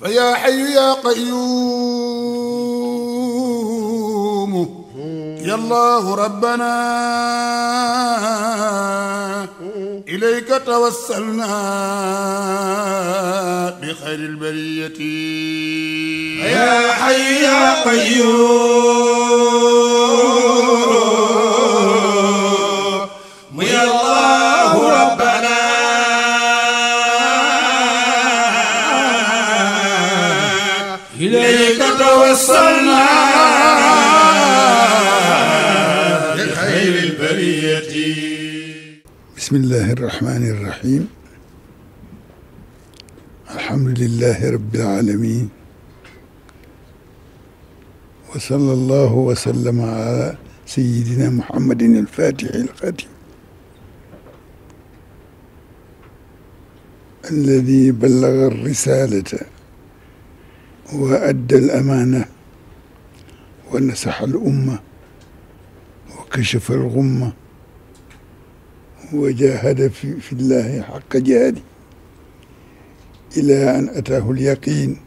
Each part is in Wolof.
fa yaa xayu yaa qayuumu yallaahu rabbana ilayka tawassalna bi xayril bariyati yaa xayu yaa qayuumu yallaahu Bismillahirrahmanirrahim. Elhamdülillahi Rabbil alemin. Ve sallallahu ve sellem ala seyyidina Muhammedin el Fatihil Fatih. الذي بلغ الرسالة وأدى الأمانة ونسح الأمة وكشف الغمة wajahada fi fi llahi xaqa jihaadi ila an ataahu lyaqin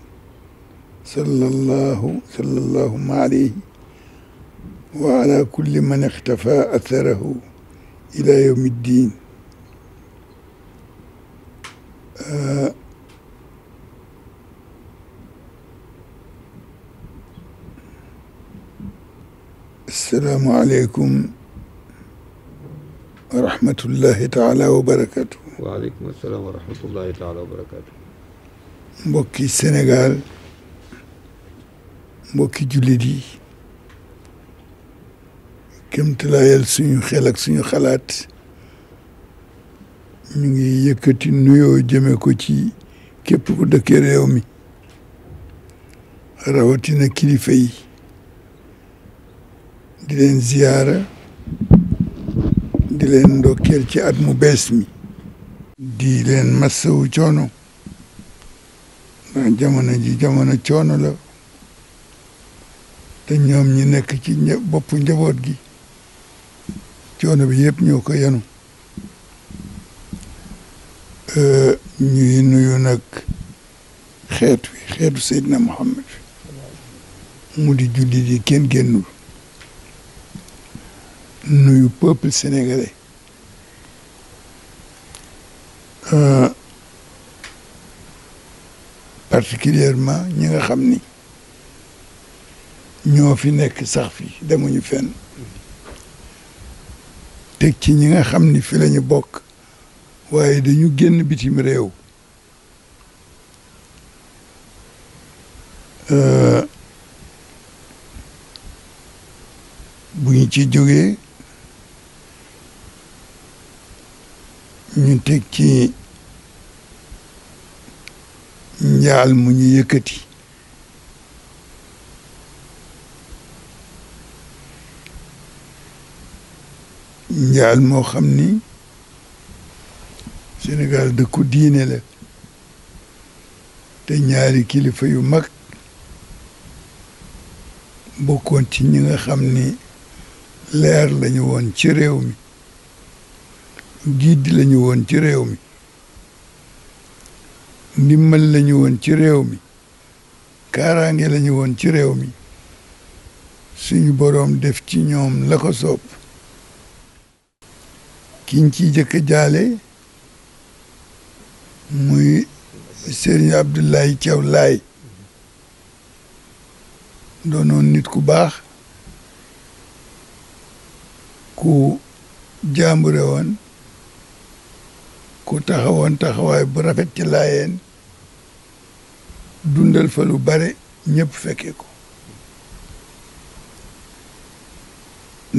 sallallahu sallallahuma alayhi wa ala kulli man ixtafa atharahu ila yawmi ddin assalaamu aleykum wa rahmatullahi taala wa barakaatu. waaleykum salaam wa rahmatullahi taala wa barakaatu. mbokki Sénégal mbokki jullit yi kéemtalaayal suñu xel ak xalaat ñu ngi yëkkati nuyoo jëme ko ci képp ku dëkkee réew mi rawatina kilifa yi di di leen ndokkeel ci at mu bees mi di leen massawu coono ndax jamono ji jamono coono la te ñoom ñi nekk ci boppu njaboot gi coono bi yëpp ñoo ko yanu ñuy nuyu nag xeet wi xeetu Seydina Muhammad mu di julli di kenn génnul nuyu peuple sénégalais euh, ñi nga xam ni ñoo fi nekk sax fi demuñu fenn teg ci ñi nga xam ni fi lañu bokk waaye dañu génn bitim réew euh, bu ñu ci jógee ñu teg ci njaal mu ñu yëkkati njaal moo xam ni Sénégal dëkku diine la te ñaari kilifa yu mag bokkoon ci ñi nga xam ni leer lañu woon ci réew mi njiit la ñu woon ci réew mi ndimmal la ñu woon ci réew mi kaaraange la woon ci réew mi suñu boroom def ci ñoom la ko soob kiñ ci jëkk jaale muy Serigne Abdoulaye Thiaw Laye doonoon nit ku baax ku jaambure woon ku taxawoon taxawaay bu rafet ci laayeen dundal fa lu bare ñépp fekkee ko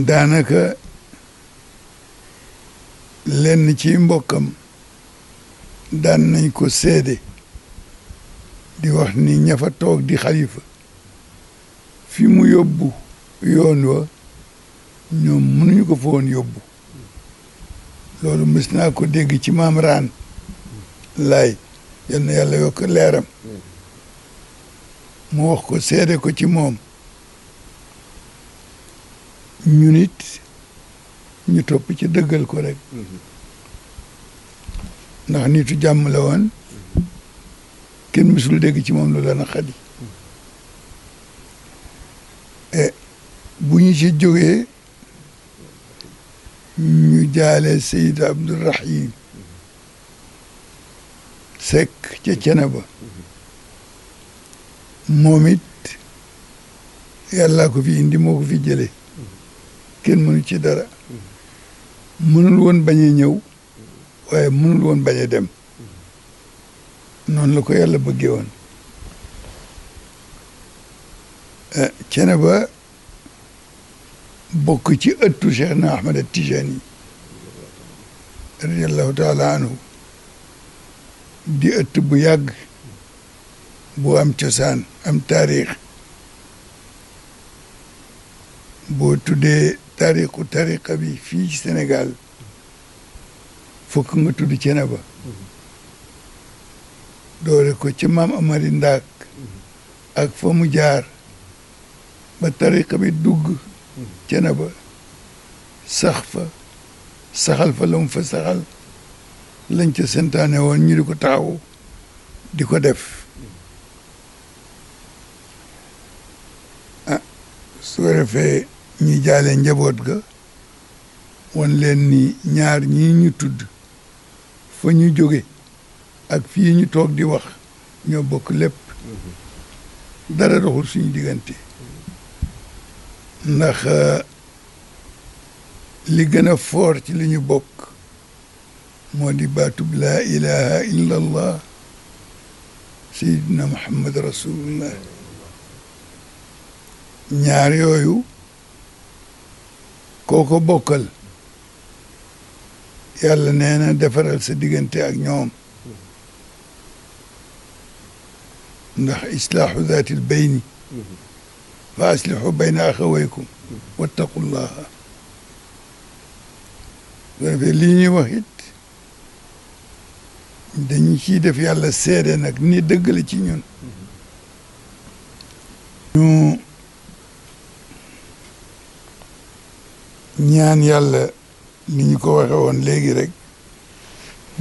daanaka lenn ci mbokkam daan nañ ko seede di wax ni ña fa toog di xalifa fi mu yóbbu yoon wa ñoom mënuñu ko fa woon yóbbu loolu mës naa ko dégg ci maam raan laay yal na yàlla yokk leeram mu wax ko seede ko ci moom ñu nit ñu topp ci dëggal ko rek ndax nitu jàmm la kenn mësul dégg ci moom lu la naqadi e, bu ñu ci jógee ñu jaale Seyid Abdourahim Seck ca Ceneba moom it yàllaa ko fi indi moo ko fi jële kenn mënu ci dara mënul woon bañ a ñëw waaye mënul woon bañ dem noonu la ko yàlla bëggee woon eh, Ceneba bokk ci ëttu Cheikh na Ahmed Tijani radiallahu taala anhu di ëtt bu yàgg bu am cosaan am taarix boo tuddee taarixu tariqa bi fii ci Sénégal fokk nga tudd cene ba doole ko ci maam Amari Ndaak ak fa mu jaar ba tariqa bi dugg ba sax fa saxal fa la mu fa saxal lañ ca sentaane woon ñu di ko taxaw di ko def ah su ko defee jaale njaboot ga wan leen ni ñaar ñii ñu tudd fa ñu jóge ak fii ñu toog di wax ñoo bokk lépp mm-hmm. dara doxul suñu diggante ndax euh, li gën a foor ci li ñu bokk moo di baatub laa ilaha illa allah sayidina muhammad rasulullah ñaar yooyu kooko ko bokkal yàlla nee na defaral sa diggante ak ñoom ndax islaahu daatil bayni fa aslihu bayna axawaykum wattaqullaha bu defee lii ñuy wax it dañu ciy def yàlla seede nag ni dëgg la ci ñun ñu ñaan yàlla ni ko waxe woon léegi rek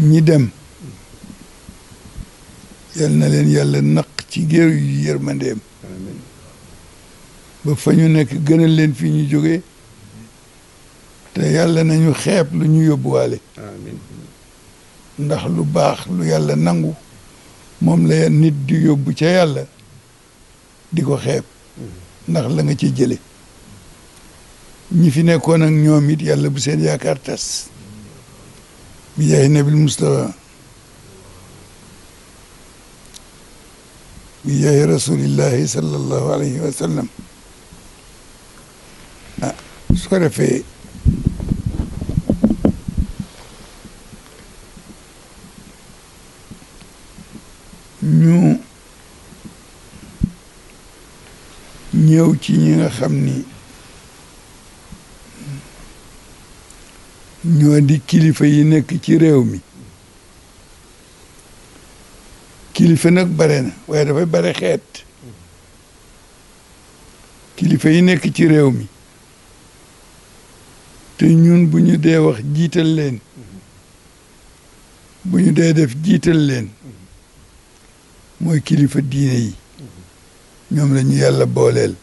ñi dem yal na leen yàlla naq ci géeru yu yërmandeem ba fa ñu nekk gënal leen fii ñu jóge te yàlla nañu xeeb lu ñu yóbbu amiin ndax lu baax lu yàlla nangu moom la nit di yóbbu ca yàlla di ko xeeb mm-hmm. ndax la nga ci jële ñi fi nekkoon ak ñoom it yàlla bu seen yaakaar tas bi jaay nabil mustafa bi jaay rasulillahi sallallahu alayhi ah ko defee ñu ñëw ci ñi nga xam ni ñoo di kilifa yi nekk ci réew mi kilifa nag bare na waaye dafay bare xeet kilifa yi nekk ci réew mi te ñun bu ñu dee wax jiital leen bu ñu dee def jiital leen mooy kilifa diine yi ñoom lañu yàlla booleel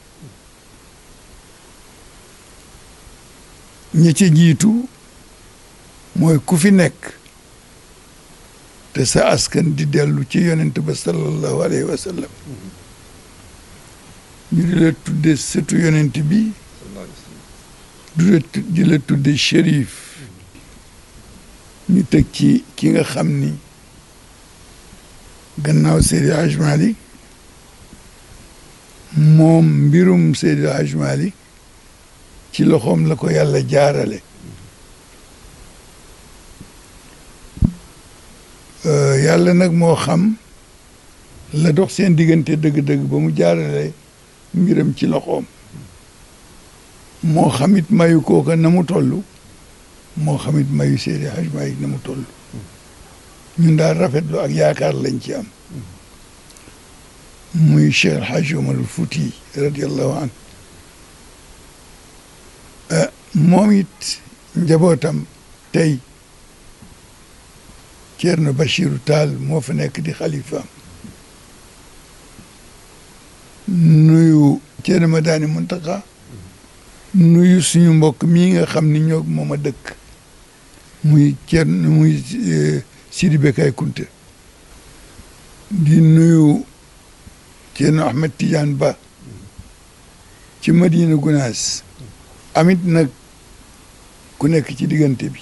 ñi ci jiitu mooy ku fi nekk te sa askan di dellu ci yonent ba sallallahu alayhi wa sallam ñu di la tudde sëtu yonent bi du di la tudde shérif ñu teg ci ki nga xam ni gannaaw Seydi Hadj moom mbirum Seydi Hadj ci loxoom la ko yàlla jaarale euh, yàlla nag moo xam la dox seen diggante dëgg-dëgg ba mu jaarale mbiram ci loxoom moo xamit mayu kooka na mu tollu moo xamit mayu Seydi Hajj Maalik na mu toll ñun daal rafetlu ak yaakaar lañ ci am muy Cheikh El Hadj Omarul Fouti radiallahu an eh, moom it njabootam tey Ceerno Bachiru Taal moo fa nekk di xalifaam nuyu Ceerno Madaani Muntaqa nuyu suñu mbokk mii nga xam ni ñoo moom a dëkk muy Thierno muy eh, Sidibé Kay Kunte di nuyu Thierno Ahmed Tidiane Ba ci Madina Gunaas amit nag ku nekk ci diggante bi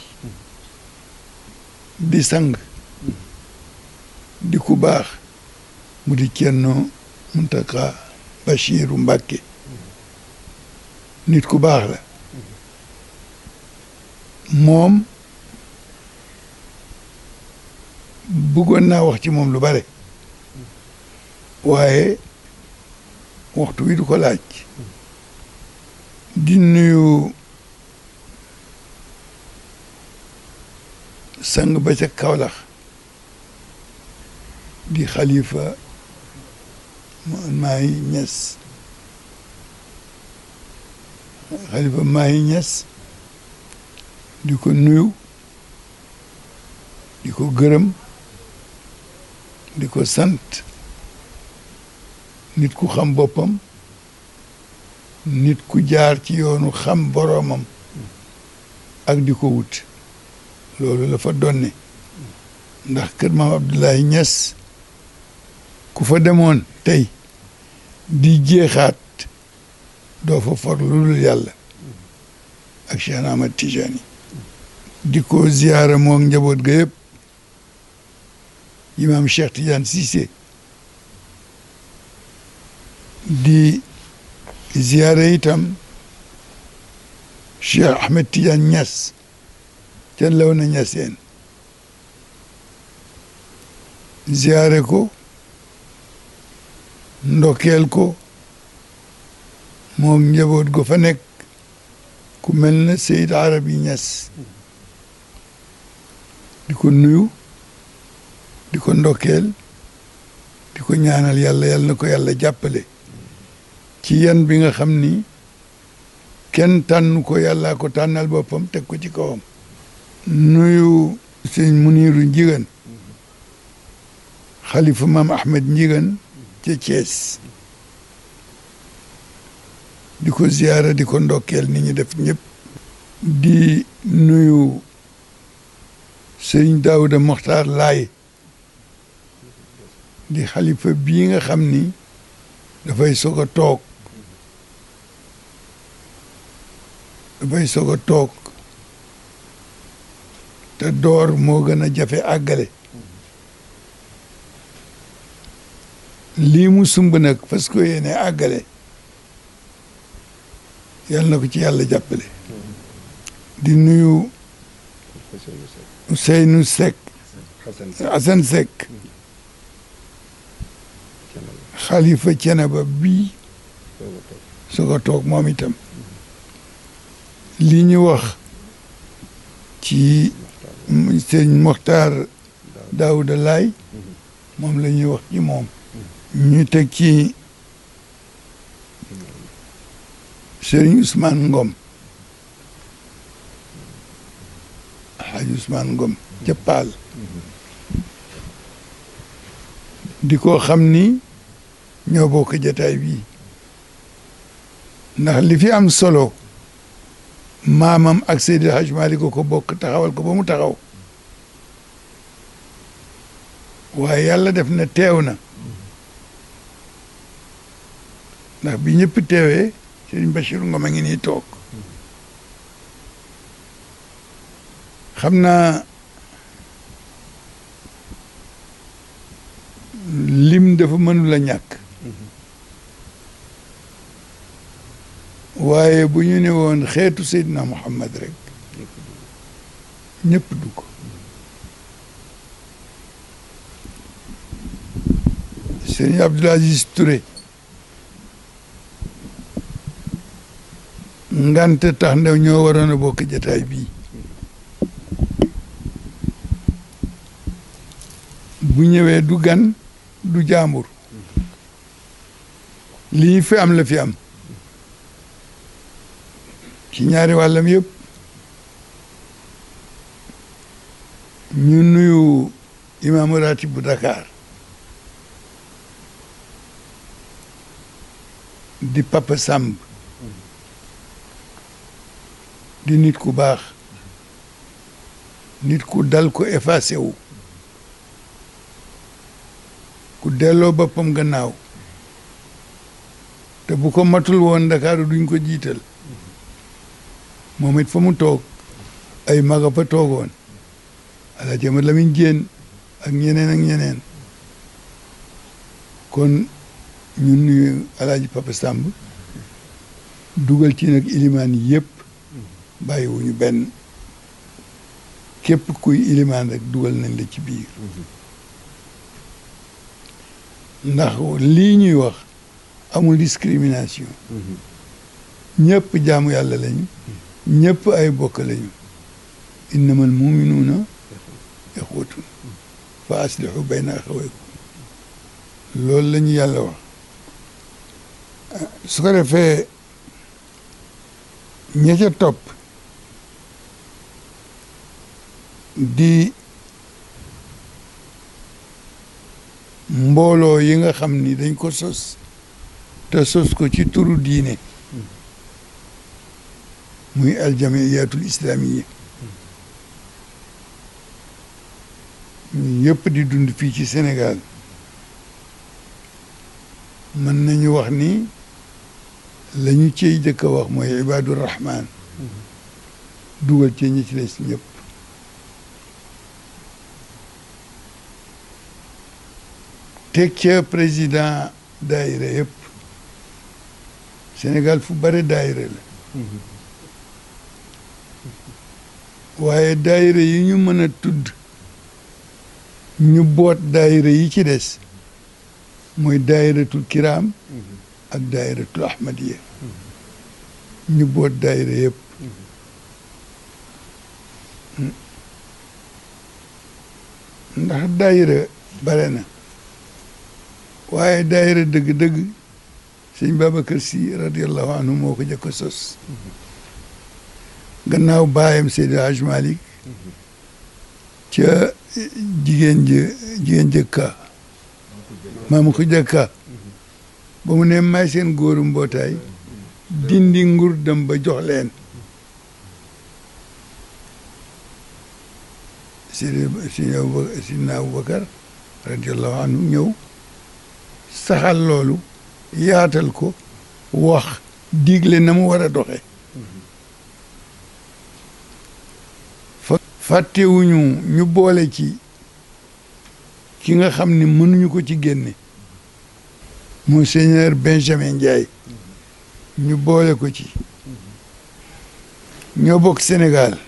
di sang di ku baax mu di Thierno Mountakha Bachirou Mbacké nit ku baax la moom bëggoon naa wax ci moom lu bare waaye waxtu wi di ko laaj di nuyu sang ba ca Kaolack di xalifa man maay xalifa Mahi Niass di ko nuyu di ko gërëm di ko sant nit ku xam boppam nit ku jaar ci yoonu xam boromam ak di ko wut loolu la fa donne ndax kër maam Abdoulaye Niass ku fa demoon tey di jeexaat doo fa for lu dul yàlla ak Cheikh Ahmad Tijani di ko ziyaara moog njaboot ga yëpp imam Cheikh Tidiane Cissé di ziyaara itam Cheikh Ahmed Tidiane Niass ten law na Niassène ziyaare ko ndokkeel ko moom njaboot gu fa nekk ku mel na Seydi Arabi Ñas di ko nuyu di ko ndokkeel di ko ñaanal yàlla yàlla na ko yàlla jàppale ci yan bi nga xam ni kenn tànn ko yàllaa ko tànnal boppam teg ko ci kawam nuyu sëñ Muniru Njigéen xalifa maam Ahmed Njigéen ca Thiès di ko ziyaara di ko ndokkeel ni ñu def ñëpp di nuyu sëriñ Daouda Mokhtar Laye di xalifa bii nga xam ni dafay soog a toog dafay soog a toog te door moo gën a jafe àggale lii mu sumb nag fas ko yéene àggale yàlla na ko ci yàlla jàppale di nuyu Ousseynou Seck Assane Seck xalifa Ceneba bii su ko toog moom itam li ñu wax ci sëñ Mokhtar Daouda moom la ñuy wax ci moom ñu teg Serigne Ousmane Ngom Alhaji Ousmane Ngom ca Paal di ko xam ni ñoo bokk jataay bii ndax li fi am solo maamam ak Seydi Hadj Malick ko bokk taxawal ko ba mu taxaw waaye yàlla def na teew na ndax bi ñëpp teewee sëriñ Bachir Ngom a ngi nii toog xam naa lim dafa mënul a ñàkk waaye bu ñu ne woon xeetu Seydina Muhammad rek ñëpp du ko sëriñ Abdoul Aziz Touré ngante tax na ñoo waroon a bokk jataay bii bu ñëwee du gan du jaambur lii fi am la fi am ci ñaari wàllam yëpp ñu nuyu imaamu ratib bu dakaar di Papa Samb di nit ku baax nit ku dal ku effacé wu ku delloo boppam gannaaw te bu ko matul woon Ndakaaru duñ ko jiital moom it fa mu toog ay maga fa toogoon ala jama Lamin Jéen ak ñeneen ak ñeneen kon ñun nuyu alaaji Papa Samb dugal ci nag ilimaan yëpp bàyyiwuñu benn képp kuy ilimaan rek dugal nañ la ci biir ndax lii ñuy wax amul discrimination ñëpp jaamu yàlla lañu ñépp ay bokk lañu innamal muminuuna ixwatun fa aslihu bayna axawaykum loolu lañu yàlla wax su ko defee ña ca topp di mbooloo yi nga xam ni dañ ko sos te sos ko ci turu diine muy aljamiyatul islamiya yëpp di dund fii ci Sénégal mën nañu wax ni lañu ñu ciy jëkk a wax mooy ibadur rahman dugal ci ñi ci des ñëpp teg président daayira yëpp Sénégal fu bare daayira la waaye daayira yi ñu mën a tudd ñu boot daayira yi ci des mooy daayiratul kiraam ak daayiratul ahmadiya ñu boot daayira yëpp ndax daayira bare na waaye daayira dëgg-dëgg sëñ Babacar Sy radiyallahu anhu moo ko jëkk a sos gannaaw baayam Seydi Hadj Malick ca jigéen jë jigéen jëkka maam ko ba mu ne may seen góoru mbootaay dindi ngur dem ba jox leen Seydi Seydi ñëw saxal loolu yaatal ko wax digle na mu war a doxe fàttewuñu ñu boole ci ki nga xam ne mënuñu ko ci génne monseigneur Benjamin Ndiaye ñu boole ko ci ñoo bokk Sénégal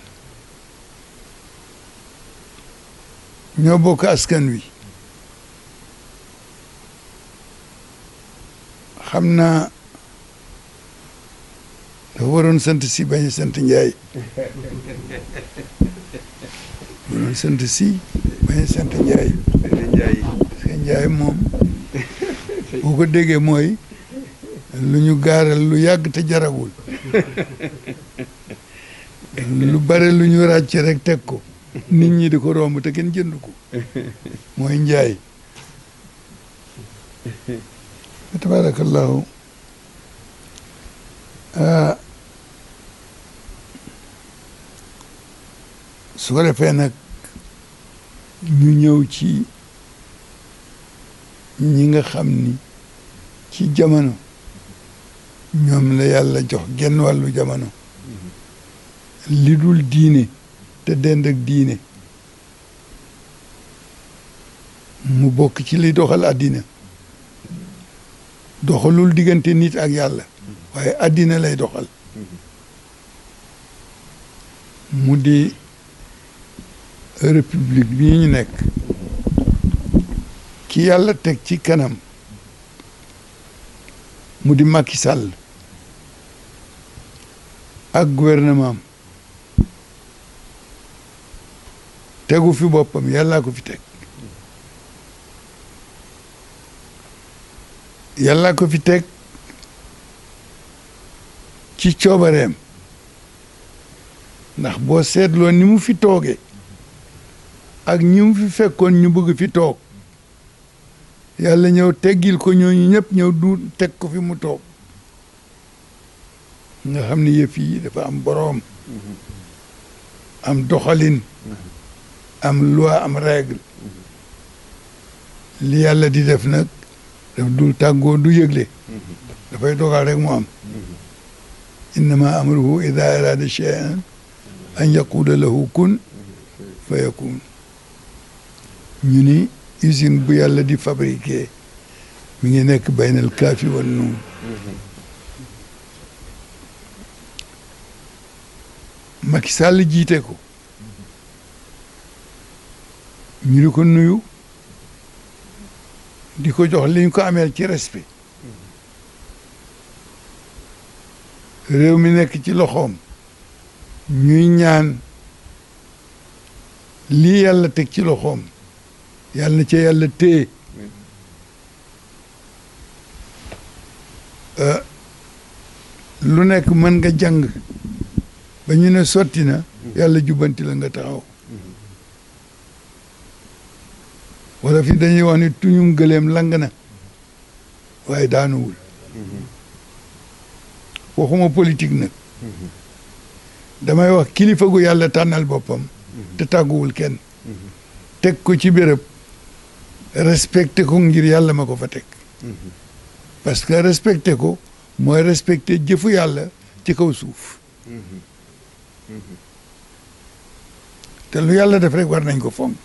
ñoo bokk askan wi xam naa dafa waroon sant si bañ a njaay waroon sant si bañ a sant njaay parce njaay moom boo ko mooy lu ñu gaaral lu yàgg te jarawul lu bare lu ñu ràcc rek teg ko nit ñi di ko romb te kenn jënd mooy njaay fa tabarakallahu ah, su ko nag ñu ñëw ci ñi nga xam ni ci jamono ñoom la yàlla jox genn wàllu jamono li dul diine te dend ak diine mu bokk ci li doxal àddina doxalul diggante nit ak yàlla waaye àddina lay doxal mu di république bi ñu nekk ki yàlla teg ci kanam mu di Macky Sall ak gouvernement am tegu fi boppam yàllaa ko fi teg yàlla ko fi teg ci coobareem ndax boo seetloo ni mu fi tooge ak ñi mu fi fekkoon ñu bëgg fi toog yàlla ñëw teggil ko ñooñu ñëpp ñëw du teg ko fi mu toog nga xam ne yëf yi dafa am boroom am doxalin am loi am règle li yàlla di def nag daf dul tàggoo du yëgle dafay dogal rek mu am innama amruhu ida arada cheyan an yaquula lahu kun fa yakun ñu ni bu yàlla di fabriqué mi ngi nekk baynal kaafi wan nuun Macky Sall jiite ko ñu di nuyu di ko jox liñ ko ameel ci respect réew mi nekk ci loxoom ñuy ñaan lii yàlla teg ci loxoom yàlla na ca yàlla tée eh, lu nekk mën nga jàng ba ñu ne sotti na mm. yàlla jubbanti la nga taxaw wala fi dañuy wax ni tuñum gëléem lang na waaye daanuwul waxuma politique nag damay wax kilifa gu yàlla tànnal boppam te tàgguwul kenn teg ko ci béréb respecté ko ngir yàlla ma ko fa teg parce que respecté ko mooy respecté jëfu yàlla ci kaw suuf te lu yàlla def rek war nañ ko fonk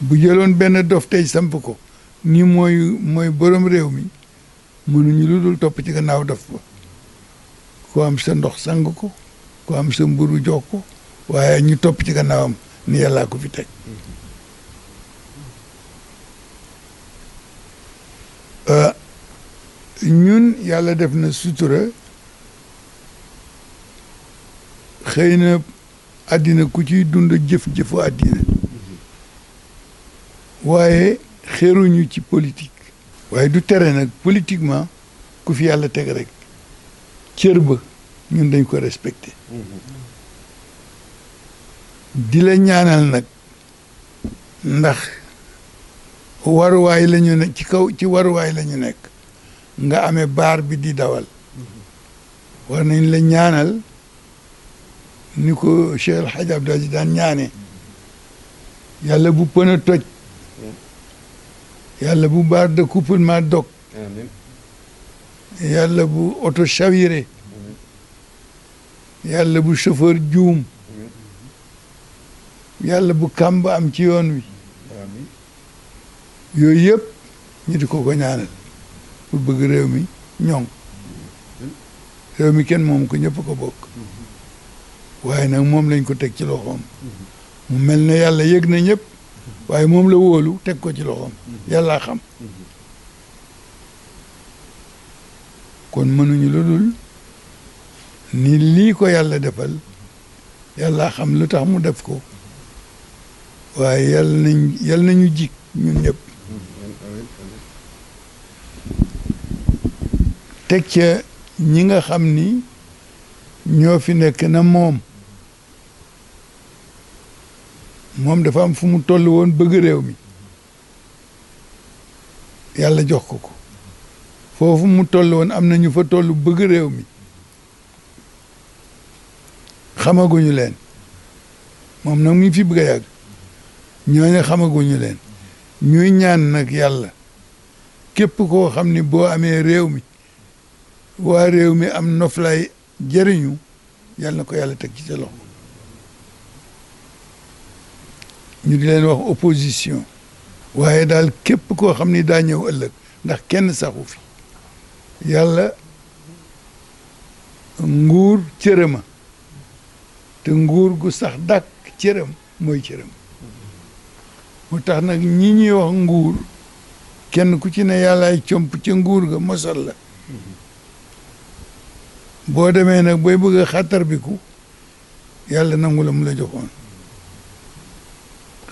bu jëloon benn dof tey samp ko ni mooy mooy réew mi mënuñu lu dul topp ci gannaaw dof ba ku am sa ndox sang ko ku am sa mburu jox ko waaye ñu topp ci gannaawam ni yàllaa ko fi teg euh, ñun yàlla def na sutura xëy na àddina ku ciy dund jëf-jëfu àddina waaye xéeruñu ci politique waaye du tere nag politiquement ku fi yàlla teg rek cër ba ñun dañ ko respecté di la ñaanal nag ndax waruwaay la ñu ne ci kaw ci waruwaay la ñu nekk nga ame baar bi di dawal war nañ la ñaanal ni ko Cheikh El Hadj Abdou daan ñaane yàlla bu pën a toj yàlla bu baar de couplement dog yàlla bu oto chavire yàlla bu chauffeur juum yàlla bu kàmb am ci yoon wi yooyu yëpp ñu di koko ko ñaanal bëgg réew mi ñoŋ réew mi kenn moom ko ñëpp ko bokk mhm. waaye nag moom lañ ko teg ci loxoom mhm. mu mel ne yàlla yëg na ñëpp waaye moom la wóolu teg ko ci loxoom yàllaa kon mënuñu lu dul ni lii ko yàlla defal yàllaa xam lu tax mu def ko waaye yàlla nañ yàlla nañu jik ñun ñëpp teg ca ñi nga xam ni ñoo fi nekk na moom moom dafa am fu mu toll woon bëgg réew mi yàlla jox ko ko foofu mu toll woon am na ñu fa tollu bëgg réew mi xamaguñu leen moom nag mu ngi fi bëgg a yàgg ñooñu xamaguñu leen ñuy ñaan nag yàlla képp koo xam ni boo amee réew mi waa réew mi am noflaay jëriñu yàlla na ko yàlla teg ci sa loxo ñu di leen wax opposition waaye daal képp koo xam ni daa ñëw ëllëg ndax kenn saxu fi yàlla nguur cërëma te nguur gu sax dàkk cërëm mooy cërëm mu tax nag ñi ñuy wax nguur kenn ku ci ne yàllaay comp ci nguur ga mosal la boo demee nag booy bëgg a xàttar biku yàlla nangu la mu la joxoon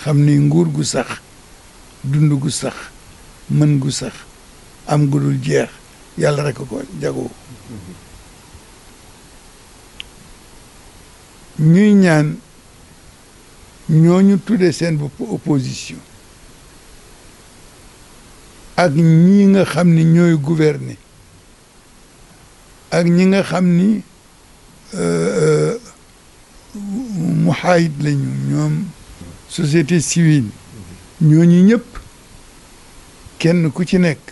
xam ni nguur gu sax dund gu sax mën gu sax am gu dul jeex yàlla rek ko jagoo ñuy ñaan ñoo ñooñu tuddee seen bopp opposition ak ñi nga xam ni ñooy gouverner ak ñi nga xam ni euh, euh, muhaayid lañu ñoom société civile ñooñu ñëpp kenn ku ci nekk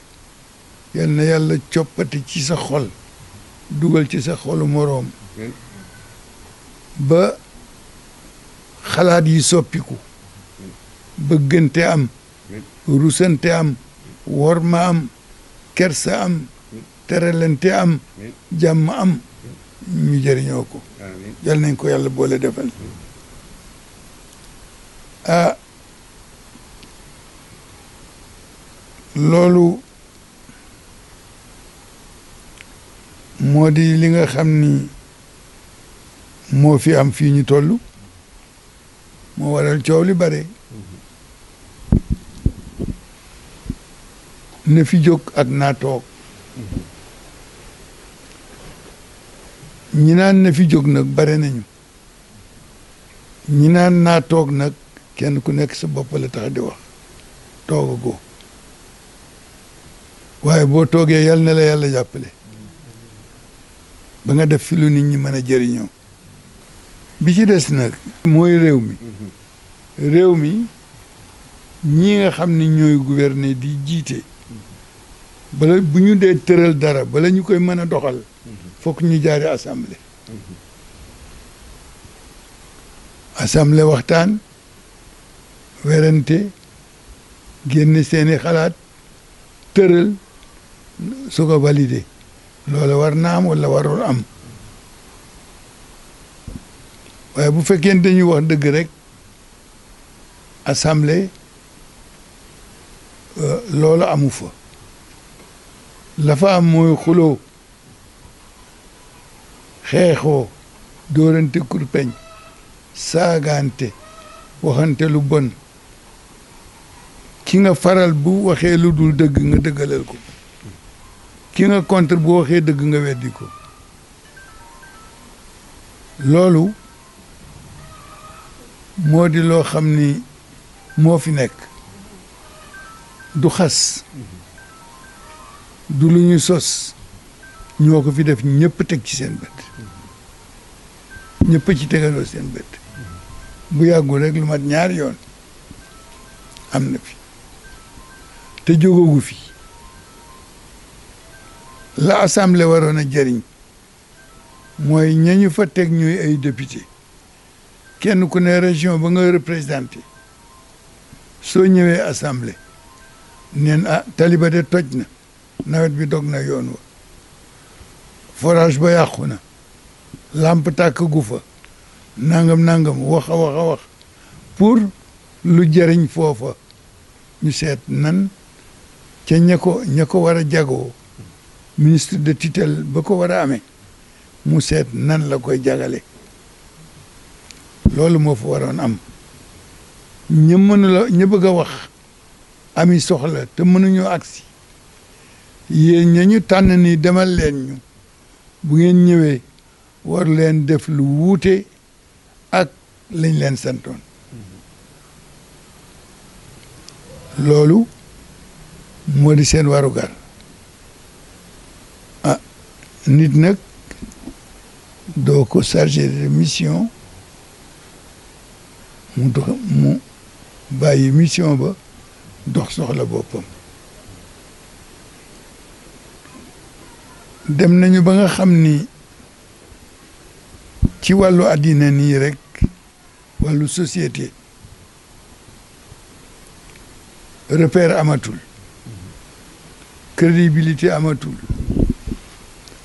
yal na yàlla coppati ci sa xol dugal ci sa xolu moroom ba xalaat yi soppiku bëggante am rusante am worma am kersa am teralante am jàmm am ñu jariñoo ko yal nañ ko yàlla boole defal Euh, loolu moo di li xam ni moo fi am fii ñu toll moo waral coow li bare na fi jóg ak naa toog ñi naan na fi jóg nag bare nañu ñi naan naa toog nag kenn ku nekk sa bopp la tax di wax toogagoo waaye boo toogee yal na la yàlla jàppale ba nga def fi lu nit ñi mën a jëriñoo bi ci des nag mooy réew mi réew mi ñi nga xam ni ñooy gouverner di jiite bala bu ñu dee tëral dara bala ñu koy mën a doxal fokk ñu jaari assemblée assemblée waxtaan werante génn seeni xalaat tëral su ko validé loola war na am warul am waaye bu fekkee dañuy wax dëgg rek assemblée euh, loola amu fa la am mooy xuloo xeexoo dóorante kurpeñ saagaante waxante lu bon ki nga faral bu waxee lu dul dëgg nga dëggalal ko ki nga contre bu waxee dëgg nga weddi ko loolu moo di loo xam ni moo fi nekk du xas du lu ñu sos ñoo ko fi def ñëpp teg ci seen bët ñëpp ci tegaloo seen bët bu yàggul rek lu mat ñaari yoon am na fi te jógoogu fi la assemblée waroon a jëriñ mooy ñañu fa teg ñuy ay député kenn ku ne région ba nga représenté soo ñëwee assemblée neen ah taliba de toj na nawet bi dog na yoon wa forage ba yàqu na làmp tàkk gu fa nangam nangam wax a wax a wax pour lu jëriñ foofa ñu seet nan ca ña ko ña ko war a jagoo ministre de tutelle ba ko war a amee mu seet nan la koy jagale loolu moo fa waroon am ña mënula ña bëgg a wax ami soxla te mënuñoo agsi yéen ña ñu tànn ni demal leen ñu bu ngeen ñëwee war leen def lu wuute ak lañ leen santoon loolu moo di seen warugar ah, nit nag doo ko chargé de mission mu dox mu bàyyi mission ba dox soxla boppam dem nañu ba nga xam ni ci wàllu àddina nii rek wàllu société repère amatul crédibilité amatul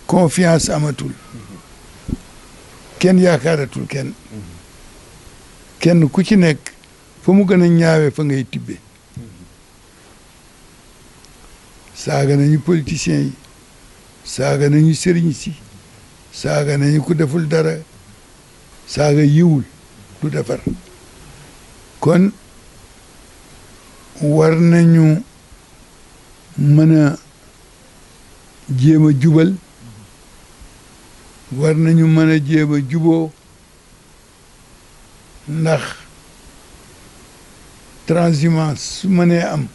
confiance amatul kenn yaakaaratul kenn kenn ku ci nekk fa mu gën a ñaawee fa ngay tibbe saaga nañu politiciens yi saaga nañu sëriñ si saaga nañu ku deful dara saaga yiwul du defar kon war nañu mën a jéem a jubal war nañu mën a jéem a juboo ndax transhumance su mënee am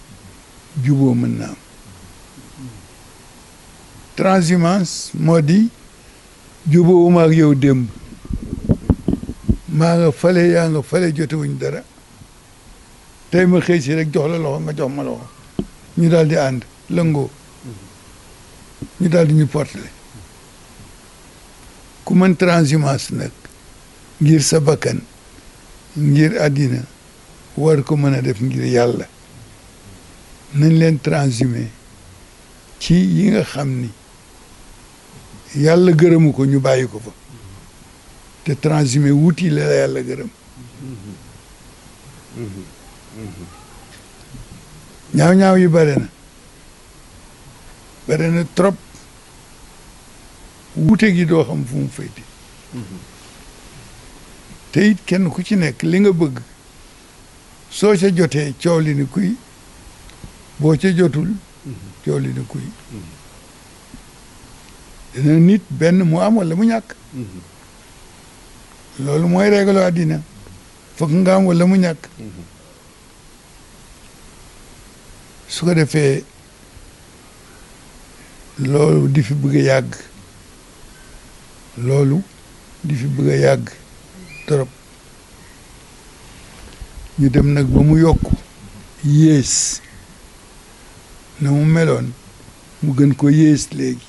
jubo mën na am transhumance moo di juboo ma ak yow démb maa nga fale yaa nga fale jotewuñ dara tey ma xëy si rek jox la loxo nga jox ma loxo ñu daal di ànd lëngoo ñu daal di ñu portele ku mën transhumance nag ngir sa bakkan ngir àddina war ko mën a def ngir yàlla nañ leen transhumé ci yi nga xam ni yàlla gërëmu ko ñu bàyyi ko fa te transhumé wuti la yàlla gërëm ñaaw-ñaaw yi bare na bare na trop wuute gi doo xam fu mu féete te it kenn ku ci nekk li nga bëgg soo ca jotee coow li ni kuy boo ca jotul coow li ni kuy dina nit benn mu am wala mu ñàkk loolu mooy réglu àddina fokk nga am wala mu ñàkk su ko defee loolu di fi bëgg yàgg loolu di fi bëgg a yàgg trop ñu dem nag ba mu yokk yées na mu meloon mu gën ko yées léegi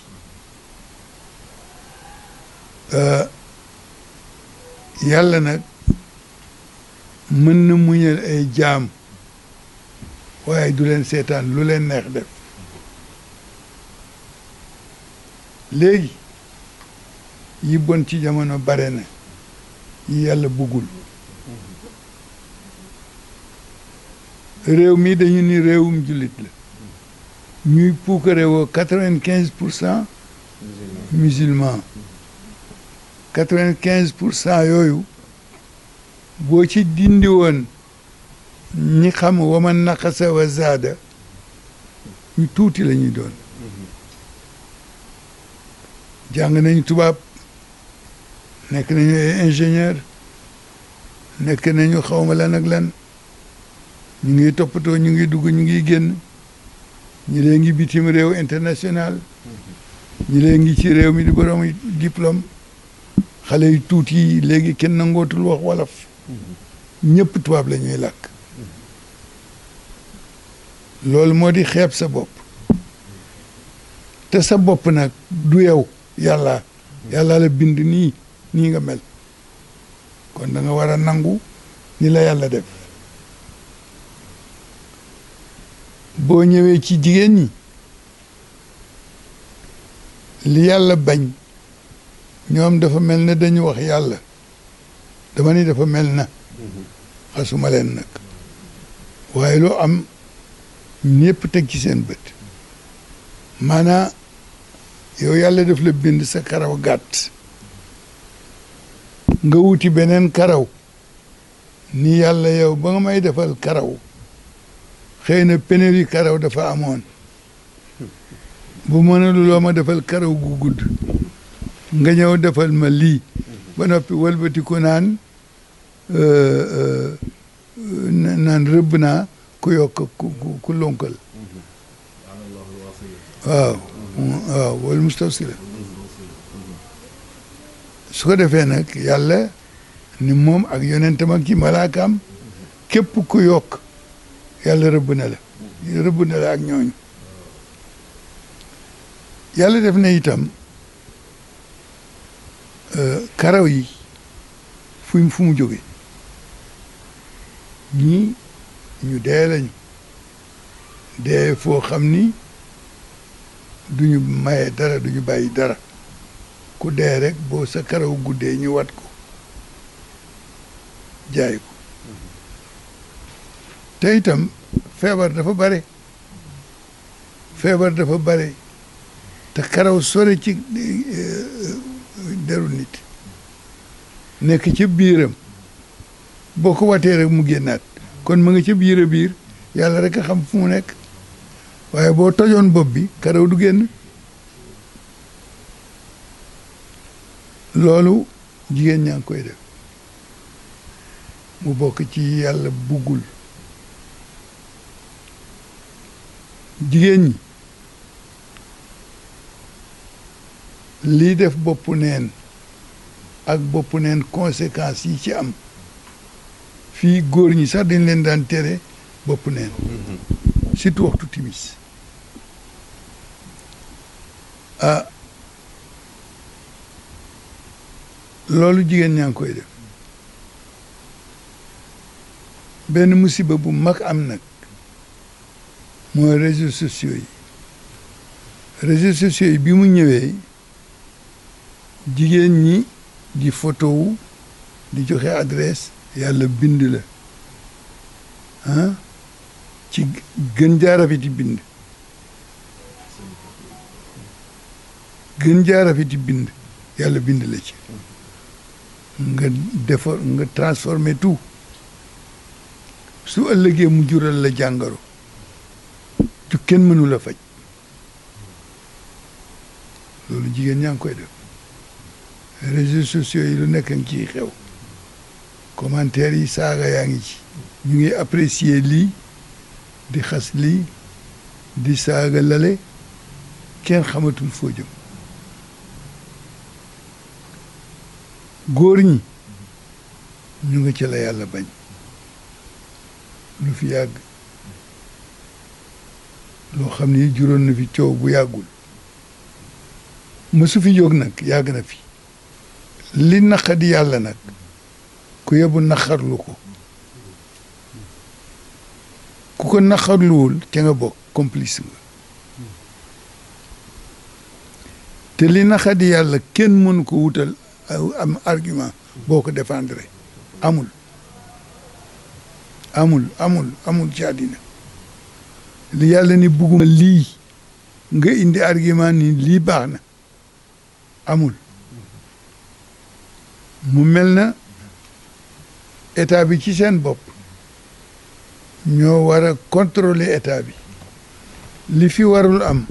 yàlla nag mën na muñal ay jaam waaye du leen seetaan lu leen neex def léegi yi bon ci jamono bare na yi yàlla buggul réew mii dañu ni réewum jullit la ñuy puukare woo pour cent musulman quatre vingt pour cent yooyu boo ci dindi woon ñi xam waman naqasa wa zaada ñu tuuti la doon jàng nañu tubaab nekk nañu ay nekk nañu xawma lan ak lan ñu ngi toppatoo ñu ngi dugg ñu ngi génn ñu lee ngi bitim réew international ñu lee ngi ci réew mi di borom diplôme xale yi tuuti léegi kenn nangootul wax wolof ñëpp tubaab la ñuy làkk loolu moo di xeeb sa bopp te sa bopp nag du yow yàlla yàlla la bind nii nii nga mel kon da nga war a nangu ni la yàlla def boo ñëwee ci jigéen ñi li yàlla bañ ñoom dafa mel ne dañu wax yàlla dama ni dafa mel na xasuma leen nag waaye loo am ñépp teg ci seen bët maanaa yow yàlla def la bind sa karaw gàtt nga wuti beneen karaw ni yàlla yow ba nga may defal karaw xëy na pénurie karaw dafa amoon bu mënul loo ma defal karaw gu gudd nga ñëw defal ma lii ba noppi wëlbatiku naan euh, euh, naan rëbb ku yokk ku lonkal waaw waaw wal mustawsira su ko defee nag yàlla ni moom ak yonentam ak ki malaakaam képp ku yokk yàlla rëbb na la rëbb na ak ñooñu yàlla def na itam euh, karaw yi fu mu jóge ñii ñu dee lañu dee foo xam ni du ñu maye dara du ñu bàyyi dara ku dee rek boo sa karaw guddee ñu wat ko jaay ko te itam feebar dafa bari feebar dafa bare te karaw sore ci eh, deru nit nekk ci biiram boo ko watee rek mu génnaat kon mu nga ci biir yàlla rek a xam fu mu nekk waaye boo tojoon bopp bi karaw du génn loolu jigéen ñaa ngi koy def mu bokk ci yàlla buggul jigéen ñi lii def boppu neen ak bopp neen conséquences yi ci am fii góor ñi sax dañ leen daan tere bopp neen mm-hmm. surtout ah loolu jigéen ñaa koy def benn musiba bu mag am nag mooy réseaux sociaux yi réseaux sociaux yi bi mu ñëwee jigéen ñi di photo wu di joxe adresse yàlla bind la ah ci gën jaarafeti bind gën jaa rafeti bind yàlla bind la ci nga defar nga transformer tout su ëllëgee mu jural la jàngoro ju kenn mënu la faj loolu jigéen ñaa ngi koy def réseaux sociaux yi lu nekk ngi ciy xew commentaires yi saaga yaa ngi ci ñu ngi apprécier lii di xas lii di saaga lale kenn xamatul foo jëm góor ñi ñu nga ci la yàlla bañ lu fi yàgg loo xam ni juróon na fi coow bu yàggul mësu fi jóg nag yàgg na fi li naqadi yàlla nag ku yebu naqarlu ko ku ko naqarluwul ca nga bokk complice nga te li naqadi yàlla kenn mënu ko wutal am argument boo ko défendre amul amul amul amul ci àddina li yàlla ni bugguma lii nga indi argument ni lii baax amul mu mel na état bi ci seen bopp ñoo war a contrôler état bi li fi warul am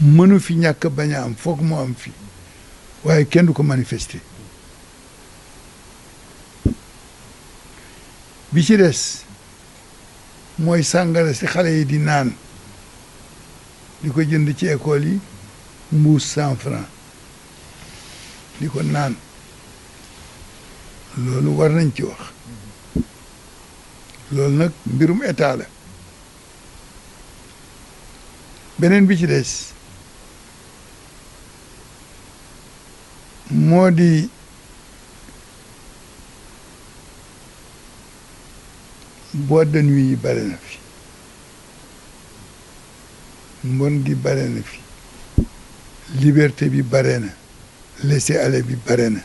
mënu fi ñàkk bañ a am foog mu am fi waaye kenn du ko manifester bi ci des mooy sàngara si xale yi di naan di ko jënd ci école yi mbuus cent franc di ko naan loolu war nañ ci wax loolu nag mbirum état la beneen bi ci des moo di boîte de nuit yi bare na fi mbon gi bare na fi liberté bi bare na laisser-aller bi bare na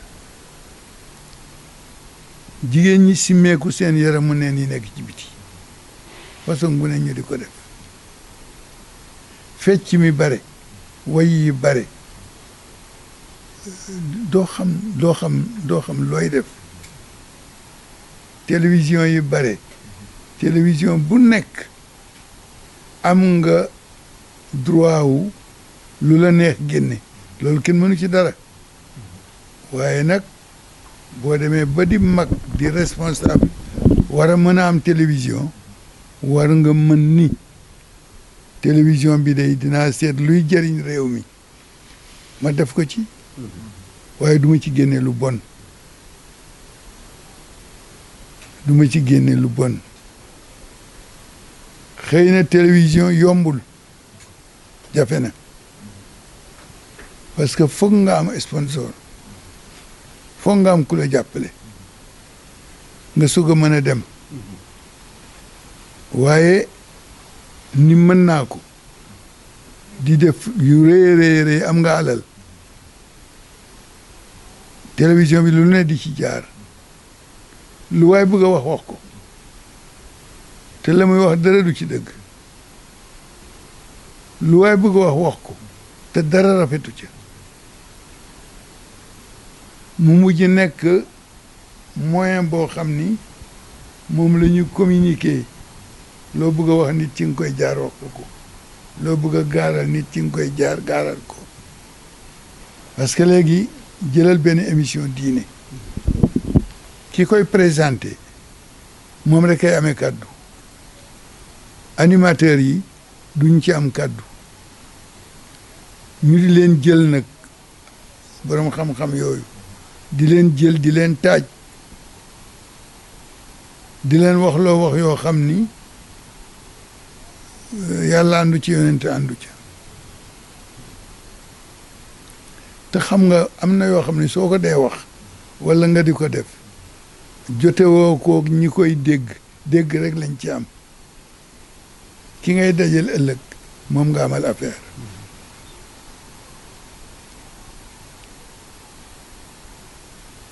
jigéen ñi simmeeku seen yaramu neen yi nekk ci biti façon bu ñu di ko def fecc mi bare way yi bare doo xam doo xam looy def télévision yi bare télévision bu nekk am nga droit wu lu la neex génne loolu kenn mënu ci dara waaye nag boo demee ba di mag di responsable wara a mën a am télévision war nga mën ni télévision bi day dinaa seet luy jëriñ réew mi ma def ko ci waaye duma ci génne lu bon duma ci génne lu bon xëy na télévision yombul jafe na parce que foog nga am sponsor foog nga am ku la jàppale nga soog a mën a dem waaye ni mën naa ko di def yu rëy rëy rëy am nga alal télévision bi lu ne di ci jaar lu waay bëgg a wax wax ko te la muy wax dara du ci dëgg lu waay bëgg a wax wax ko te dara rafetu ca mu mujj nekk moyen boo xam ni moom la ñu communiquer loo bëgg a wax nit ci nga koy jaar wax ko loo bëgg a gaaral nit ci nga koy jaar gaaral ko parce léegi jëlal benn émission diine ki koy présenté moom rek ay amee kàddu animateur yi duñ ci am kàddu ñu di leen jël nag boroom xam-xam yooyu di leen jël di leen taaj di leen wax loo wax yoo xam ni yàlla àndu ci yonent àndu ca te xam nga am na yoo xam ne soo ko dee wax walla nga di ko def jotewoo ko ñi koy dégg dégg rek lañ ci am ki ngay dajal ëllëg moom nga amal affaire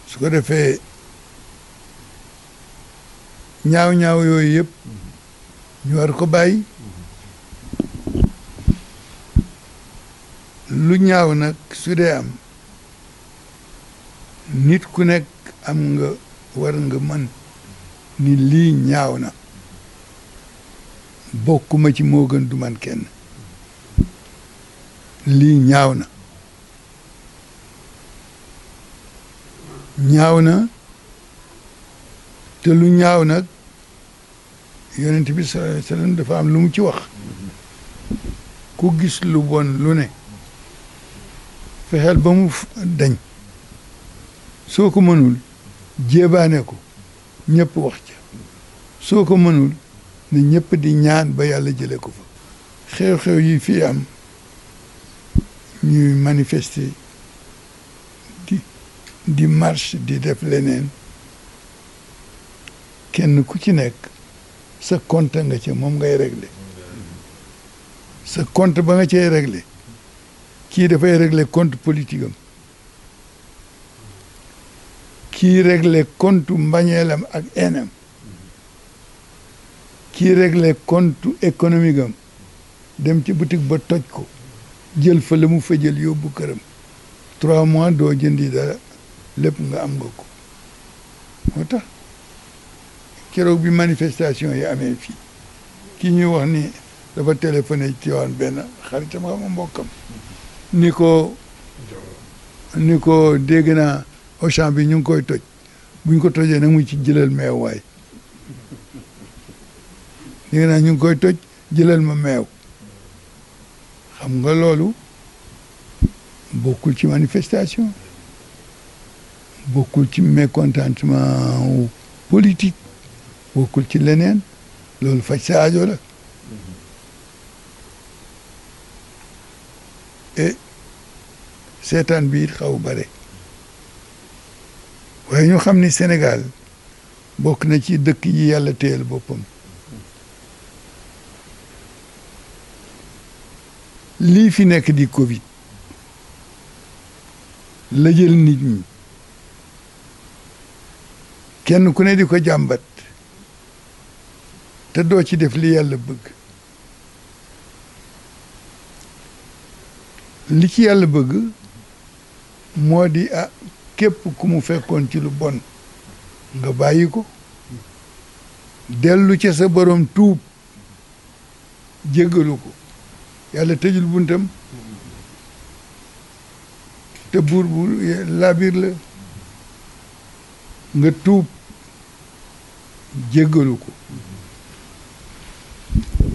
su ko defee ñaaw ñaaw yooyu yëpp ñu war ko bàyyi lu ñaaw nag su am nit ku nekk am nga war nga man ni lii ñaaw na bokkuma ci moogën du man kenn lii ñaaw na ñaaw na te lu ñaaw nag yonent bi sallallahu dafa am lu mu ci wax ku gis lu bon lu ne fexeel ba mu dañ soo ko mënul jéebaane ko ñëpp wax ca soo ko mënul ne ñëpp di ñaan ba yàlla jëlee ko fa xew-xew yi fii am ñuy manifester di di marche di def leneen kenn ku ci nekk sa compte nga ca moom ngay régler sa compte ba nga cay régler kii dafay régler compte politique am kii régler compte mbañeelam ak eenam kii régler compte économique am dem ci butik ba toj ko jël fa la mu fa jël yóbbu këram trois mois doo jëndi dara lépp nga am nga ko moo tax keroog bi manifestation yi amee fii kii ñuy wax ni dafa téléphoné ci waan benn xaritam xam mbokkam ni ko ni ko dégg naa Auchan bi ñu ngi koy toj buñ ko tojee nag mu ci jëlal meew waay dégg naa ñu ngi koy toj jëlal ma meew xam nga loolu bokkul ci manifestation bokkul ci mécontentement politique bokkul ci leneen loolu faj sa aajo la Eh, seetaan bi xaw bare waaye ñu xam ni Sénégal bokk na ci dëkk yi yàlla téyel boppam lii fi nekk di Covid la jël nit ñi kenn ku ne di ko jàmbat te doo ci def li yàlla bëgg li ci yàlla bëgg moo di ah képp ku mu fekkoon ci lu bon nga bàyyi ko dellu ca sa borom tuub jéggalu ko yàlla tëjul buntam te buur bu labir la nga tuub jéggalu ko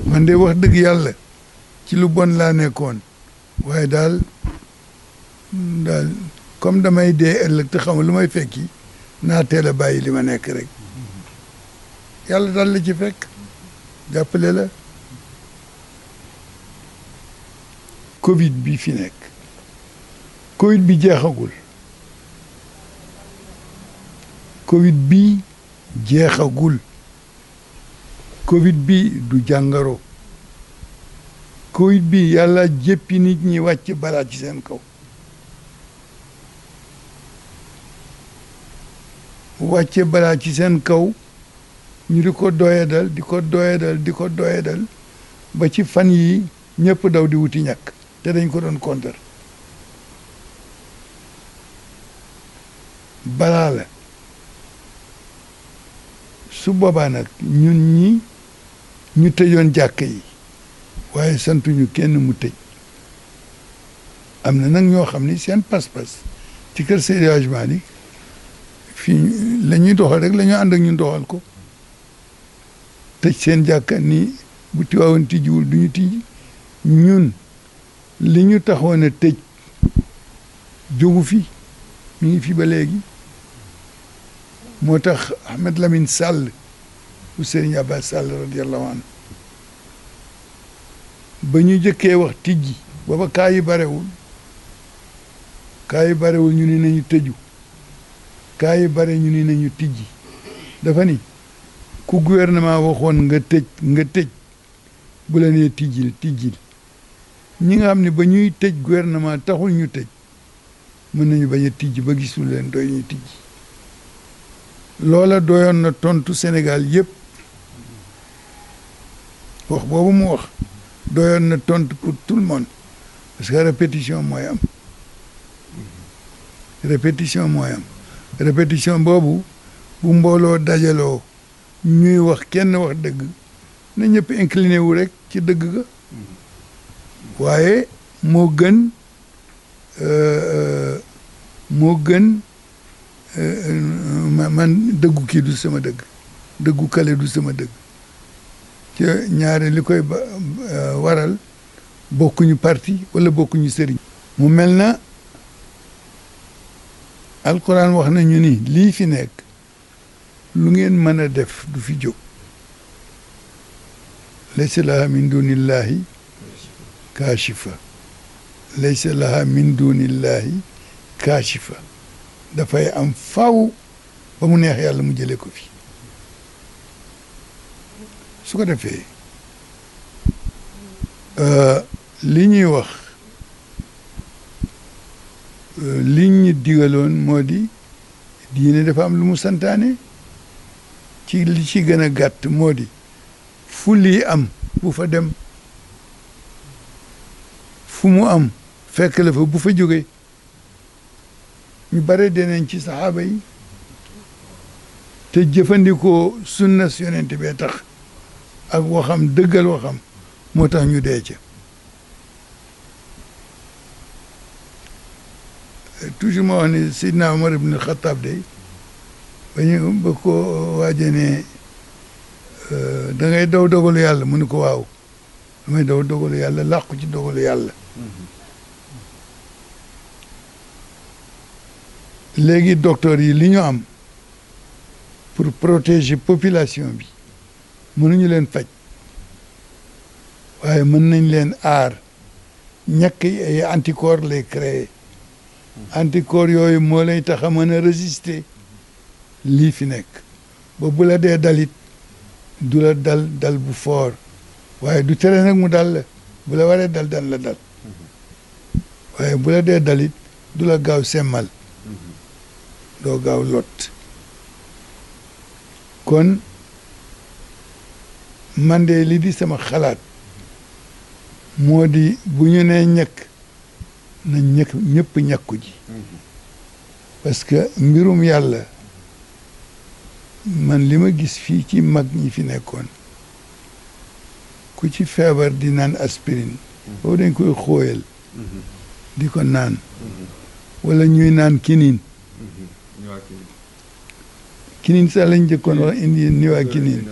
man de wax dëgg yàlla ci lu bon laa nekkoon waaye daal daal damay dee ëllëg te xamul lu may fekki naa teel a bàyyi li ma nekk rek yàlla daal la ci fekk jàppale la Covid bi fi nekk Covid bi jeexagul Covid bi jeexagul Covid bi du jàngoro covid bii yàlla jéppi nit ñi wàcc balaa ci seen kaw wàcce balaa ci seen kaw ñu di ko doyadal di ko doyadal di ko doyadal ba ci fan yi ñëpp daw di wuti ñakk te dañ ko doon kontar balaa la su boobaa nag ñun ñi ñu tëjoon jàkk yi waaye santuñu kenn mu tëj am na nag ñoo xam ni seen pas-pas ci kër Seydi Hadji Malick fii la ñuy doxal rek la ñu ànd ak ñun doxal ko tëj seen jàkka ni bu tiwaawoon tijjiwul du ñu tijji ñun li ñu taxoon a tëj jógu fi mi ngi fi ba léegi moo tax Ahmed Lamine Sall bu Serigne Abbas Sall radiyallahu anhu ba ñu jëkkee wax tijji booba kaa yi barewul kaa yi barewul ñu ni nañu tëju kaa yi bare ñu nii nañu tijji dafa ni ku gouvernement waxoon nga tëj nga tëj bu la nee tijjil tijjil ñi nga xam ni ba ñuy tëj gouvernement taxul ñu tëj mën nañu bañ a tijji ba gisul leen doy ñu tijji loola doyoon na tontu senegaal yépp wax boobu mu wax doyoon na tontu pour tout le monde parce que répétition mooy am répétition mooy am répétition boobu bu mbooloo dajaloo ñuy wax kenn wax dëgg na ñëpp incliné wu rek ci dëgg ga waaye moo gën euh, euh, moo gën euh, man dëggu kii du sama dëgg dëggu kale du sama dëgg ca ñaare li koy euh, waral bokkuñu parti wala bokkuñu sëriñ. mu mel na alquran wax na ñu ni lii fi nekk lu ngeen mën a def du fi jóg laysa laha min dunillahi kaashifa laysa laha min dunillahi kaashifa dafay am faw ba mu neex yàlla mu jëlee ko fi su ko defee euh, li ñuy wax euh, li ñu digaloon moo di diine dafa am lu mu santaane ci li ci gën a gàtt moo di fu lii am bu fa dem fu mu am fekk la fa bu fa jógee ñu bare deneen ci saxaaba yi te jëfandikoo sunna yonent bee tax ak waxam dëggal waxam moo tax ñu dee ca toujours mois wax ni Sidna Omar ibn Khattab day ba ñu ba ko waaje ne euh, da ngay daw dogalu yàlla mu ne ko waaw damay daw dogalu yàlla làqu ci dogalu yàlla léegi docteur yi li ñu am pour protéger population bi mën mënuñu leen faj waaye mën nañ leen aar ñekk ay anticorps lay créé anticorps yooyu moo lañ taxa a mën a résister lii fi nekk ba bu la dee dalit du la dal dal bu fort waaye du tere nag mu dal la bu la waree dal dan la dal waaye bu la dee dalit du la gaaw semal doo gaaw lot kon man de li di sama xalaat moo di bu ñu nee ñekk na ñekk ñekku ji mm-hmm. parce que mbirum yàlla man li ma gis fii ci mag ñi fi nekkoon ku ci feebar di naan aspirine mm-hmm. boobu dañ koy xóoyal mm-hmm. di ko naan wala ñuy naan kinin kinin sax lañ jëkkoon wax indi niwaa kinin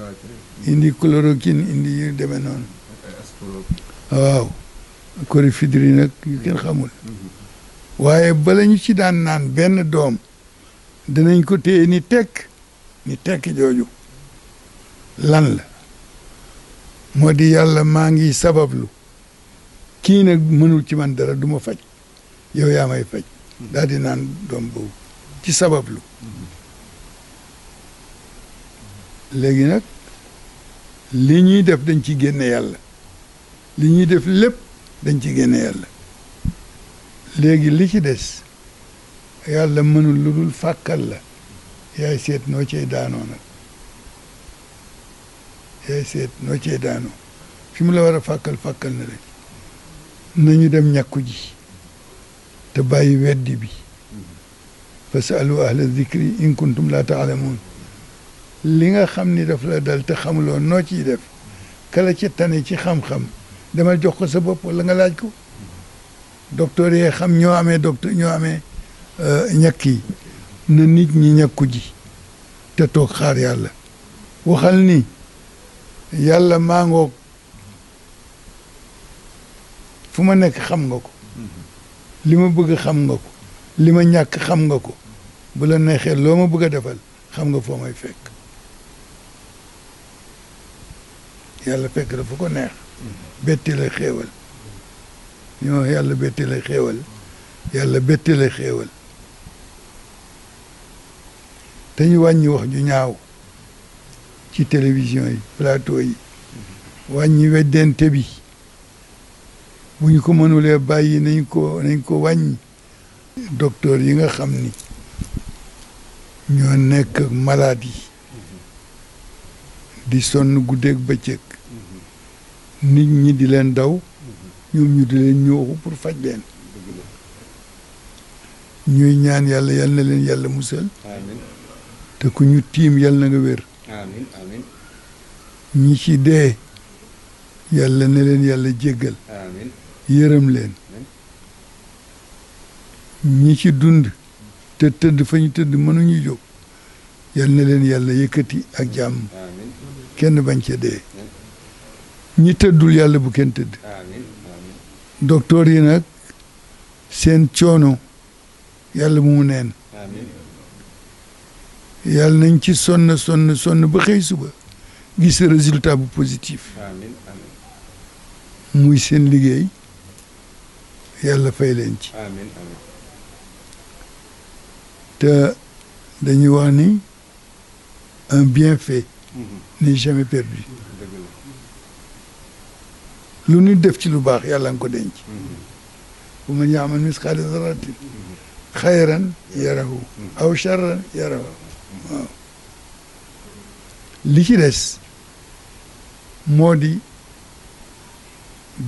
indi chloroquine indi deme noon noonu waaw corifidri nag yu kenn xamul mm-hmm. waaye bala ci daan naan benn doom dinañ ko téye ni tekk ni tekk jooju lan la moo di yàlla maa ngi sabablu kii nag mënul ci man dara duma faj yow yaa may faj mm-hmm. daal di naan doom boobu ci sabablu mm-hmm. léegi nag li ñuy def dañ ci génne yàlla li ñuy def lépp dañ ci génne yàlla léegi li ci des yàlla mënul lu dul fàkkal la yaay seet noo cey daanoo nag yaay seet noo cey daanoo fi mu la war a fàkkal fàkkal na la nañu dem ñàkku ji te bàyyi weddi bi fasalu ahla zikri in kuntum la taalamuun li nga xam ni daf la dal te xamuloo noo ciy def kala ci tane ci xam-xam demal jox ko sa bopp wala nga laaj ko docteur yee xam ñoo amee docteur ñoo amee euh, ñàkk yi na nit ñi ñàkku ji te toog xaar yàlla waxal ni yàlla maa ngoog fu ma nekk xam nga ko mm-hmm. li ma bëgg xam nga ko li ma ñàkk xam nga ko bu la neexee loo ma bëgg a defal xam nga foo may fekk yàlla fekk la ko neex betti xéewal ñoo yàlla betti xéewal yàlla betti xéewal te ñu wàññi wax ju ñaaw ci télévision yi plateau yi wàññi weddente bi bu ñu ko mënulee bàyyi nañ ko nañ ko wàññi docteur yi nga xam ni ñoo nekk malade yi di sonn guddeeg bëccëg nit ñi di leen daw ñoom ñu di leen ñëw pour faj leen ñuy ñaan yàlla yal na leen yàlla musal te ku ñu tiim yal na nga wér amiin ñi ci dee yàlla na leen yàlla jéggal yërëm leen ñi ci dund te tëdd fa ñu tëdd mënuñu jóg yal na leen yàlla yëkkati ak jàmm kenn bañ ca dee ñi tëddul yàlla bu kenn tëdd docteur yi nag seen coono yàlla mu mu neen yàlla nañ ci sonn sonn sonn ba xëy suba gis résultat bu positif muy seen liggéey yàlla fay leen ci te dañuy wax ni un bienfait mhm. n'est jamais perdu lu ñu def ci lu baax yàlla nga ko denc bu ma ñaamal misqaala zarratin xayran yarahu aw charran yarahu li ci des moo di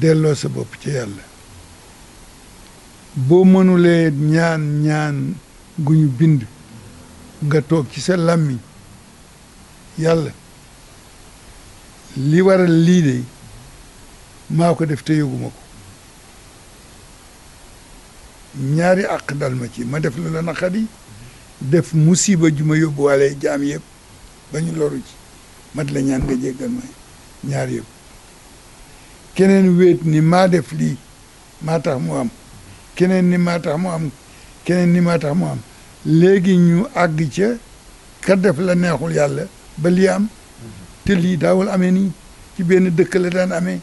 delloo sa bopp ci yàlla boo mënulee ñaan ñaan gu ñu bind nga toog ci sa làmmiñ yàlla li waral lii de maa ko def te yëguma ko ñaari àq dalma ci ma def la la naqadi def musiba ju ma wale jaam yépp ba ñu loru ci mat la ñaan nga jéggal may ñaar yëpp keneen wéet ni maa def lii maa tax mu am keneen ni maa tax mu am keneen ni mu am léegi ñu àgg ca ka def la neexul yàlla ba lii am mm-hmm. te lii daawul amee ni ci benn dëkk la daan amee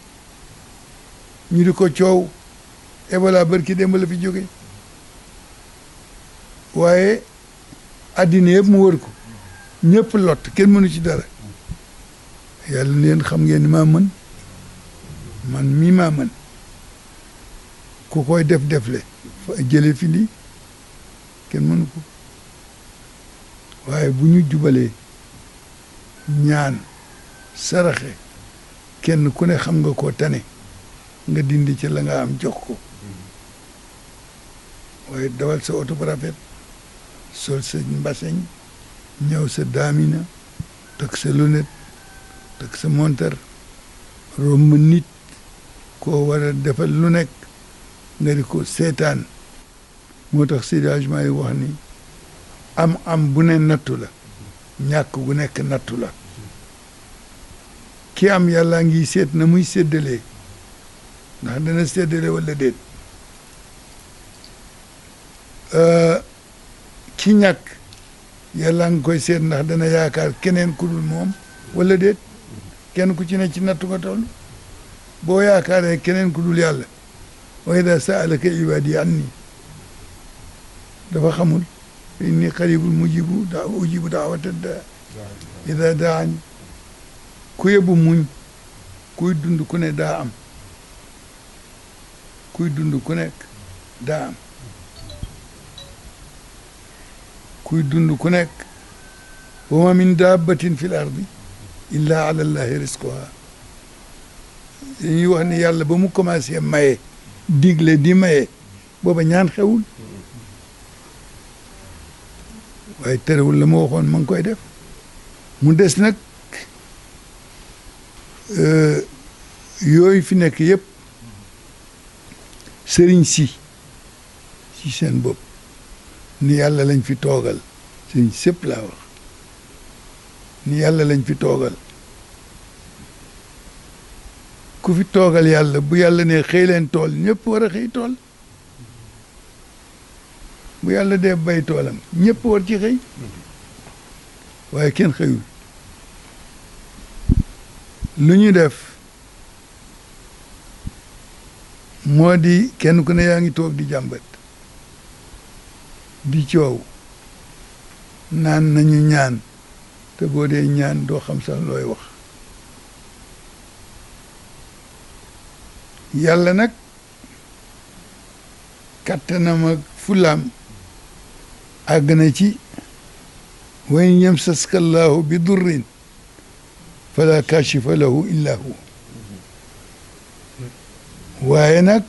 ñu di ko coow Ebola bërki démb fi jóge waaye addina yëpp mu wër ko ñëpp lot kenn mënu ci dara yàlla leen xam ngeen ni maa mën man mii maa mën ku koy def defle fa jële fi lii kenn mënu ko waaye bu ñu jubalee ñaan saraxe kenn ku ne xam nga ko tane nga dindi ci la nga am jox ko waaye dawal sa oto bu rafet sol sa mbaseñ ñëw sa daamina takk sa lunette takk montar romb nit koo war a lu nekk nga di ko seetaan moo tax sédagement yi wax am am bu ne nattu la ñàkk bu nekk nattu la ki am yàllaa ngi seet na muy séddalee ndax dana séddale wala déet euh, ki ñàkk yàlla koy seet ndax dana yaakaar keneen ku dul moom wala déet kenn ku ci ne ci nattu ko toll boo yaakaaree keneen ku dul yàlla wa ida saalaka ibaadi anni dafa xamul inni qaribul mujibu da ujibu daawata da ida daani ku yebbu muñ kuy dund ku ne daa am kuy dund ku nekk daa am kuy dund ku nekk wa ma min dabbatin fi l ardi illa ala llahi risquha dañuy wax ne yàlla ba mu commencé maye digle di maye booba ñaan xewul waaye terewul la ma waxoon ma ngi koy def mu des nag euh, yooyu fi nekk yëpp sëriñ si ci seen bopp ni yàlla lañ fi toogal sëriñ sëpp laa wax ni yàlla lañ fi toogal ku fi toogal yàlla bu yàlla ne xëy leen tool ñëpp war a xëy tool bu yàlla dee bay toolam ñëpp war ci xëy waaye kenn xëyul lu ñu def moo di kenn ku ne yaa ngi toog di jàmbat di coow naan nañu ñaan te boo dee doo xam sax looy wax yàlla nag kattanam ak fulam àgg na ci wa in yamsaska llaahu bi durrin fala kashifa lahu illa huwa waaye nag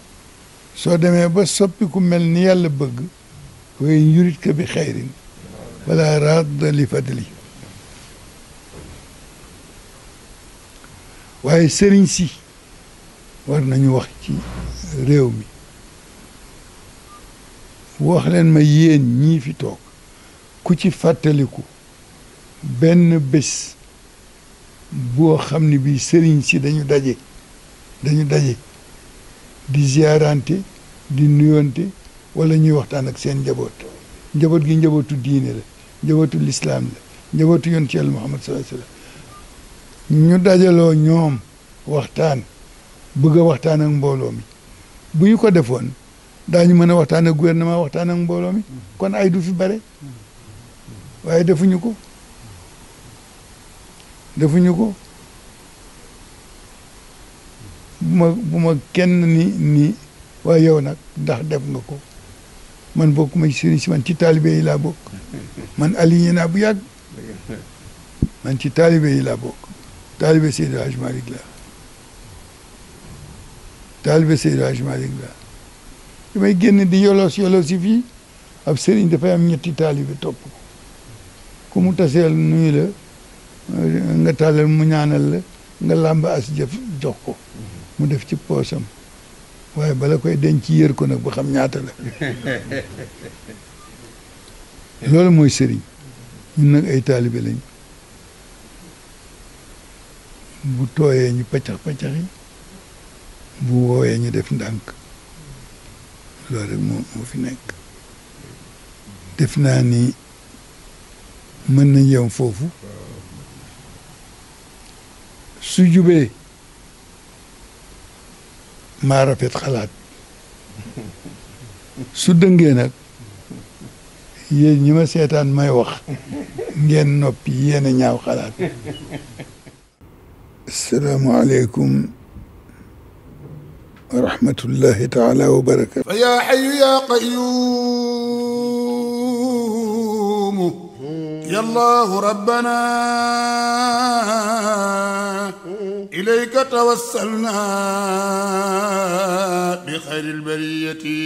soo demee ba soppi ku mel ni yàlla bëgg way yurit ka bi xayrin wala radda li fadli waaye sëriñ si war nañu wax ci réew mi wax leen ma yéen ñii fi toog ku ci fàttaliku benn bés boo xam ne bii sëriñ si dañu daje dañu daje di ziarante di nuyonte wala ñuy waxtaan ak seen njaboot njaboot gi njabootu diine la njabootu lislaam la njabootu yoon ci yàlla Muhammad sallallahu alayhi wasallam ñu dajaloo ñoom waxtaan bëgg a waxtaan ak mbooloo mi bu ñu ko defoon daañu mën a waxtaan ak gouvernement waxtaan ak mbooloo kon ay du fi bare waaye defuñu ko defuñu ko bu ma kenn ni nii waa yow nag ndax def nga ko man bokk ma ci sëriñ si man ci taalibe yi laa bokk man aligné naa bu yàgg man ci taalibe yi laa bokk taalibe Seydi Hadj Malick laa taalibe Seydi Hadj Malick génn di yolos yolos yi ab sëriñ dafay am ñetti taalibe topp ko ku mu taseel nuyu nga tàllal mu ñaanal la nga làmb as jëf jox ko mu def ci poosam waaye bala koy denc yër ko nag bu xam ñaata la loolu mooy sëriñ ñun nag ay taalibe lañ bu tooyee ñu paccax paccax bu wooyee ñu def ndànk loolu rek moo fi nekk def naa ni mën nañ yem foofu su maa rafet xalaat su dëngee nag yéen ñi ma seetaan may wax ngeen noppi yéen a ñaaw xalaat asalaamaaleykum wa rahmatullahi taala wa barakatu ya xayu ya qayumu ya allahu rabbana ilayka tawassalna bi xayril bariyati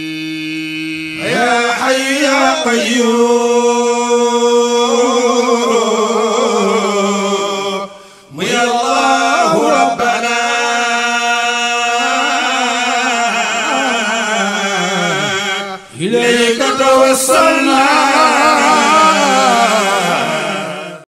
yaa hayyu yaa qayyuum ya Allahu rabbana